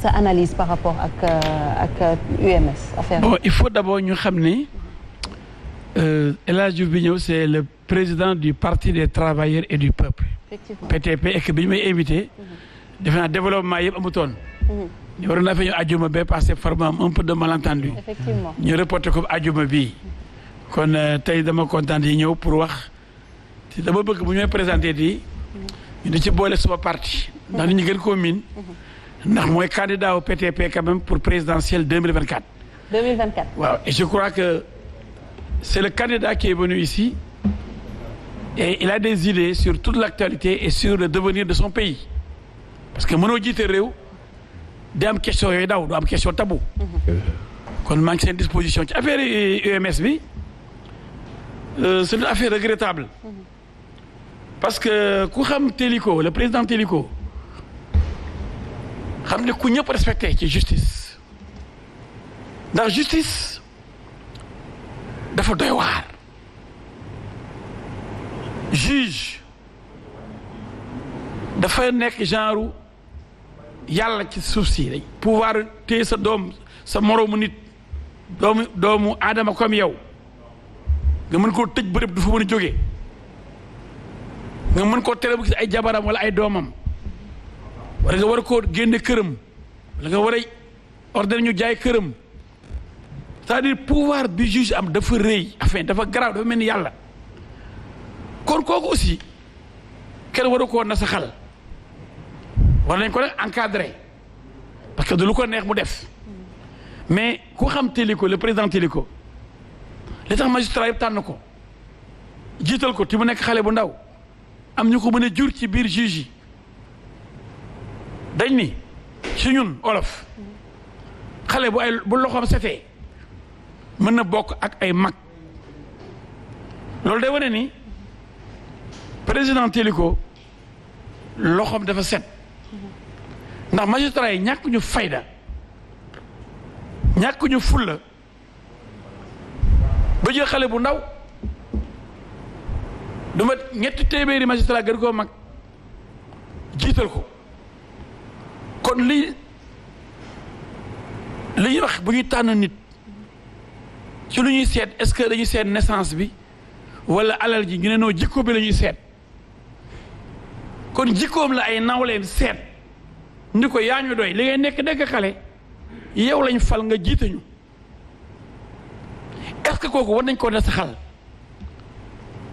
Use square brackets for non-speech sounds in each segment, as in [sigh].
sa analyse par rapport ak euh, ak euh, il faut d'abord ñu xam ni euh, El Hadj bi ñëw c'est le président du parti des travailleurs et du peuple. effectivement PTP et bi ñu may invité. Mhm. defe naa développement yëpp amutoon. ñu mhm. waroon naa fi ñu ajuma bee passé format un peu de malentendu. effectivement ñu reporté ko ajuma bi kon tey dama kontaan yi ñëw pour wax te dama bëgg bu ñu may di mhm. ñu di ci boole suba parti. ndax nit ñi gën koo miin. ndax mooy candidat au PTP quand même pour présidentielle 2024. 2024 waaw je crois que c'est le candidat qui est venu ici et il a des idées sur toute l'actualité et sur le devenir de son pays parce que mënoo jiite réew dam am question yooyu daw am question tabou mhm. kon maa ngi seen disposition ci affaire UMS bi euh, c'est une affaire regrettable mhm. parce que ku xam Télico le président Télico xam ne ku ñëpp respecté ci justice ndax justice dafa doy waar juge dafa nekk genre yàlla ci suuf si dañ pouvoir téye sa doom sa moroomu nit doomu doomu aadama comme yow nga mën koo tëj bërëb du fa mën a jóge nga mën koo tere bu ay jabaram wala ay doomam wala nga war a koo génne këram wala nga war a ordonné ñu jaay këram c'est-à-dire pouvoir bi juge am dafa rëy enfin dafa garaaw dafa mel ni yàlla kon kooku aussi kenn waru koo nasaxal war nañ ko nag encadré parce que du lu ko neex mu def mais ku xam Téliko le président Téliko li tax magistrat yëpp tànn ko jiital ko ti mu nekk xale bu ndaw am ñu ko mën a jur ci biir juge yi dañ ni si ñun olof xale bu ay bu loxoom setee mën na bokk ak ay mag loolu day wane ni président Téliko loxoom dafa set ndax magistrat yi ñàkk ñu fayda ñàkk ñu fulla ba jël xale bu ndaw du ñetti téeméeri magistrat gën koo mag jiital ko kon li li ñuy wax bu ñuy tànn nit ci lu ñuy seet est-ce que dañuy seet naissance bi walla alal ji ñu ne noo jikko bi lañuy seet kon jikkoom la ay nawleem seet ni ko yaa ñu doy li ngay nekk dëgg xale yow lañ fal nga jiite ñu est-ce kooku war nañ koo des xal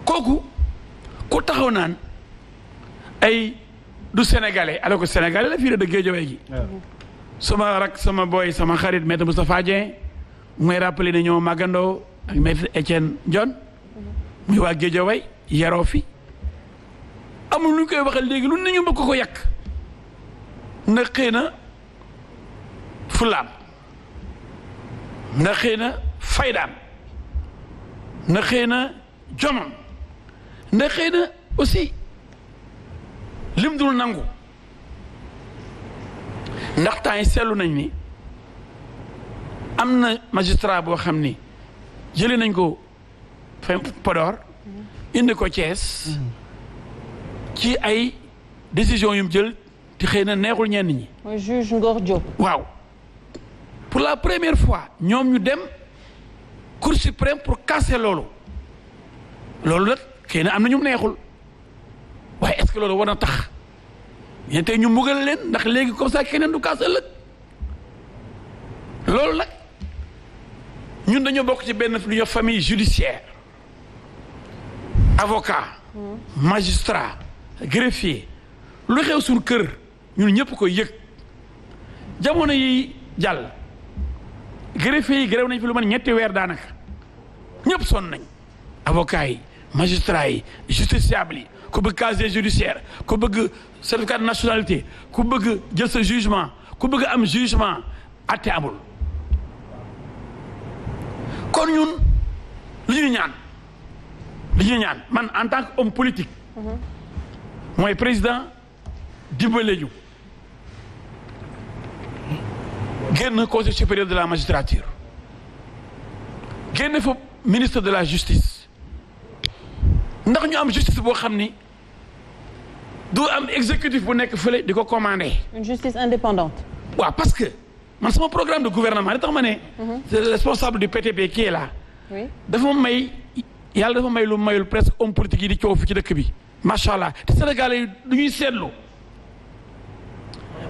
kooku ku taxaw naan ay du sénégalais alors que sénégalais la fii de dëggee jawee gi sama rak sama booy sama xarit maître Moustapha Dieng mooy rappelé ne ñoo màggandoo ak maître Étienne John muy waa Géejawaay yaroo fi amul lu ñu koy waxal léegi lu ne ñu bëgg ko yàq na xëy na fulaam na xëy na faydaam na xëy na jomam na xëy na aussi lim dul nangu ndax temps yi seetlu nañ ni am na magistrat boo xam ni jëlee nañ ko fa Podor indi ko cees ci ay décision yu jël te xëy na neexul ñenn ñi. mooy juge Ngor Diop. waaw pour la première fois ñoom ñu dem Cour suprême pour casser loolu loolu nag xëy na am na ñu neexul. waaye est-ce que loolu war na tax ñe tey ñu mbugal leen ndax léegi comme ça keneen du kaas ëllëg loolu nag ñun dañoo bokk ci benn lu ñuy famille judiciaire avocat magistrat greffier lu xew suñu kër ñun ñëpp ko yëg jamono yi jàll greffier yi grève nañ fi lu man ñetti weer daanaka ñëpp son nañ avocat yi magistrat yi justiciable yi ku bëgg casier judiciaire ku bëgg certificat de nationalité ku bëgg jël sa jugement ku bëgg am jugement atte amul kon ñun li ñu ñaan li ñu ñaan man en tant que homme politique mooy président dimbale ñu génn conseil supérieur de la magistrature génn fa ministre de la justice ndax ñu am justice boo xam ni du am exécutif bu nekk fële di ko commandé. une justice indépendante. waaw parce que man sama programme de gouvernement li tax ma ne. Mhm. c'est le responsable du PTP qui la là. dafa may yàlla dafa may lu mayul presque homme politique yi di coow fi ci dëkk bi. macha allah te Sénégalais yi du ñuy seetlu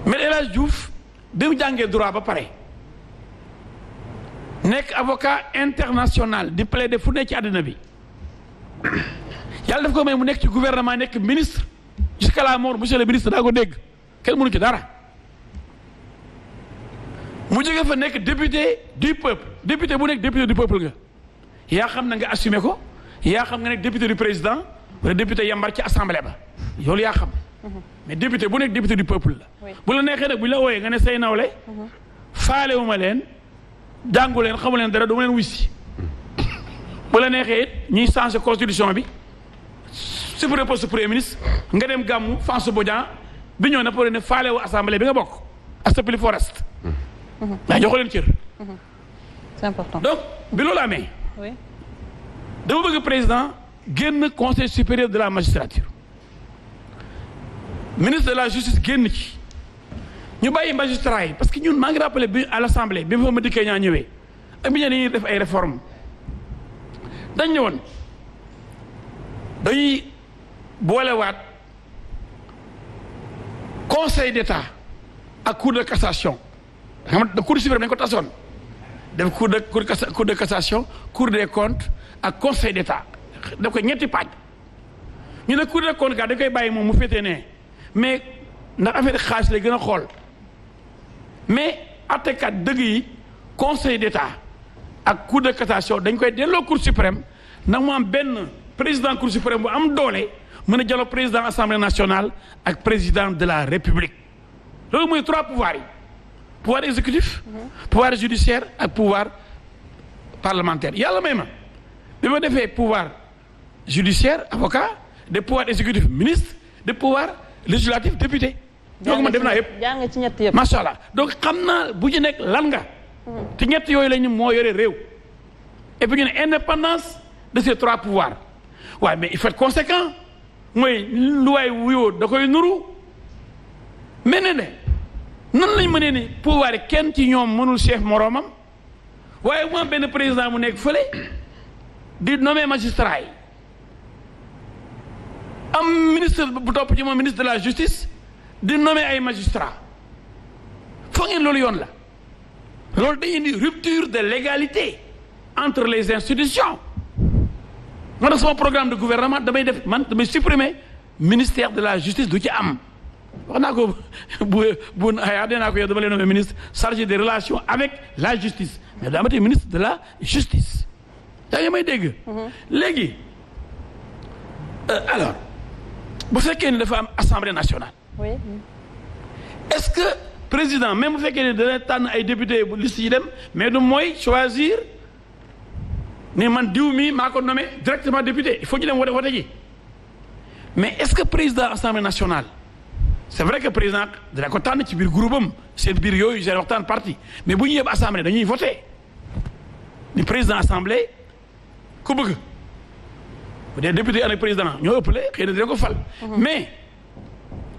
mais El Hadj Diouf bi mu droit ba pare nekk avocat international di plaider fu ne ci àddina bi. yàlla daf ko may mu nekk ci gouvernement nekk ministre jusqu'à la mort monsieur le ministre daa ko dégg kenn mënu ci dara mu jóge fa nekk député du peuple député bu nekk député du peuple nga yaa xam na nga assumé ko yaa xam nga nekk député du président wala député yambar ci assemblée ba yoolu yaa xam mais député bu nekk député du peuple la bu la neexee nag bu la wooyee nga ne say nawle faalewuma leen jàngu leen xamu leen dara duma leen wuy si bu la neexee it ñuy changé constitution bi supprimer poste premier ministre nga dem gàmmu François Bodian bi ñëw na pour ne faale wu bi nga bokk astapli forest daa mhm. joxo leen cër mhm. c'est bi loolu amee dama bëgg président génn conseil supérieur de la magistrature ministre de la justice génn ci ñu bàyyi magistrat yi parce que ñun maa ngi rappelé bi à l'assemblée bi fa ma dikkee ñaa ñëwee ak bi ñuy def ay réformes dañ ne woon dañuy boole boolewaat conseil d'état ak cour de cassation xam nga cour suprême dañu ko tasoon def cour de cour de cassation cour des comptes ak conseil d'état daf ko ñetti pàcc ñu ne cour des comptes kaa dañ koy bàyyi moom mu féetee nee mais ndax affaire xaalis lay gën a xool mais attekat dëgg yi conseil d'état ak cour de cassation dañ koy delloo cour suprême ndax mu am benn président cour suprême bu am doole mën a jalo président assemblée nationale ak président de la république loolu mooy trois pouvoirs yi pouvoir exécutif mhm. pouvoir judiciaire ak pouvoir parlementaire yàlla may ma bi ma defee pouvoir judiciaire avocat de pouvoir exécutif ministre de pouvoir législatif député donc man def naa yëpp jàng ci ñett macha allah donc xam na bu ñu nekk lan nga mhm. te ñett yooyu lañu moo yore réew e puis ne indépendance de ces trois pouvoirs waaye mais il faut être mooy lu waay wuyoo da koy nuru mel ne ne nan lañ mënee ni pouvoir kenn ci ñoom mënul chef moroomam waaye mu am benn président mu nekk fële di nommé magistrat yi am ministre bu topp ci moom ministre de la justice di nommé ay magistrat foo ngeen loolu yoon la loolu day indi rupture de légalité entre les institutions moo tax sama programme de gouvernement damay def man damay supprimer ministère de la justice du ci am wax naa ko [laughs] bu bu ayaa dee naa ko yow ministre chargé des relations avec la justice mais daa amati ministre de la justice yaa ngi may dégg mm-hmm. léegi euh, alors bu fekkee ni dafa am assemblée nationale est-ce que président mais bu fekkee ni dana tànn ay député bu liste yi dem mais du mooy choisir ne man diw mii maa ko directement député il faut ñu dem wote wote ji mais est-ce que président assemblée nationale c'est vrai que président dina ko tànn ci biir groupe am seen biir yooyu seen waxtaan parti mais bu ñu yëpp assemblée dañuy voté ni président assemblée ku bëgg bu dee député ak président ñoo ëppale xëy na dina ko fal mhm. mais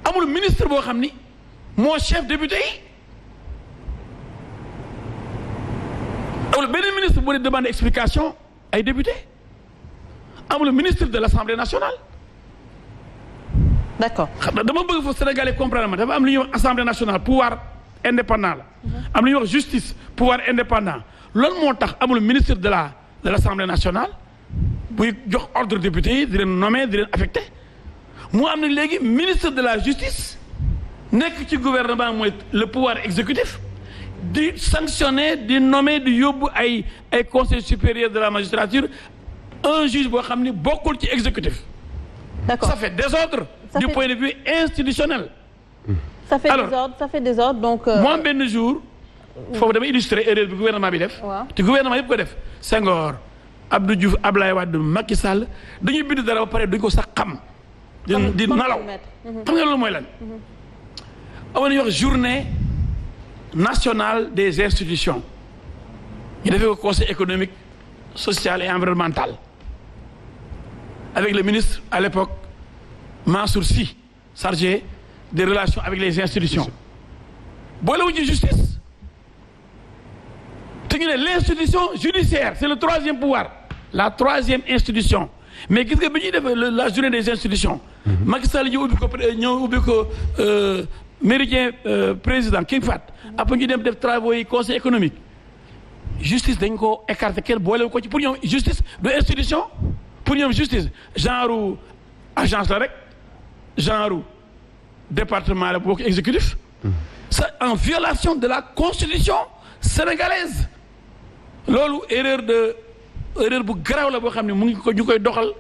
amul ministre boo xam ni moo chef député yi amul benn ministre bu ne demande explication ay député amul ministre de l' assemblée nationale. d' accord dama bëgg foofu sénégalais comprendre ma dafa am lu ñuy wax assemblée nationale pouvoir indépendant la. am lu ñuy wax justice pouvoir indépendant loolu moo tax amul ministre de la de l' assemblée nationale buy jox ordre député yi di leen nommer di leen affecté mu am na léegi ministre de la justice nekk ci gouvernement mooy le pouvoir exécutif. di sanctionner di nommer di yóbbu ay ay conseil supérieur de la magistrature un juge boo xam ni bokkul ci exécutif. d'accord ça fait désordre ça du fait... point de vue institutionnel. alors, désordre ça fait désordre donc. Euh... moom benn jour. foofu dama illustrer erreur bi gouvernement bi def. te gouvernement yëpp ko def. Senghor Abdou Diouf Abdoulaye Wade Macky Sall dañuy bind dara ba pare duñ ko sax xam. di nalaw xam nga loolu mooy lan. Mhm. amoon journée. nationale des institutions ñu defee ko conseil économique social et environnemental avec le ministre à l'époque Mansour Sy chargé des relations avec les institutions boolewuñ ci justice te ñu ne l'institution judiciaire c'est le troisième pouvoir la troisième institution mais gis nga bi ñuy defee la journée des institutions mm-hmm. ma Sall ñëw ubbi ko ñëw ubbi ko euh, méridien euh, président King Fahd après ñu dem def travaux yi conseil économique justice dañ ko écarté kenn boole ko ci pour ñoom justice du institution pour ñoom justice genre agence la rek genre département la boo ko exécutif c'est en violation de la constitution sénégalaise loolu erreur de erreur bu garaaw la boo xam ne mu ngi ko ñu koy doxal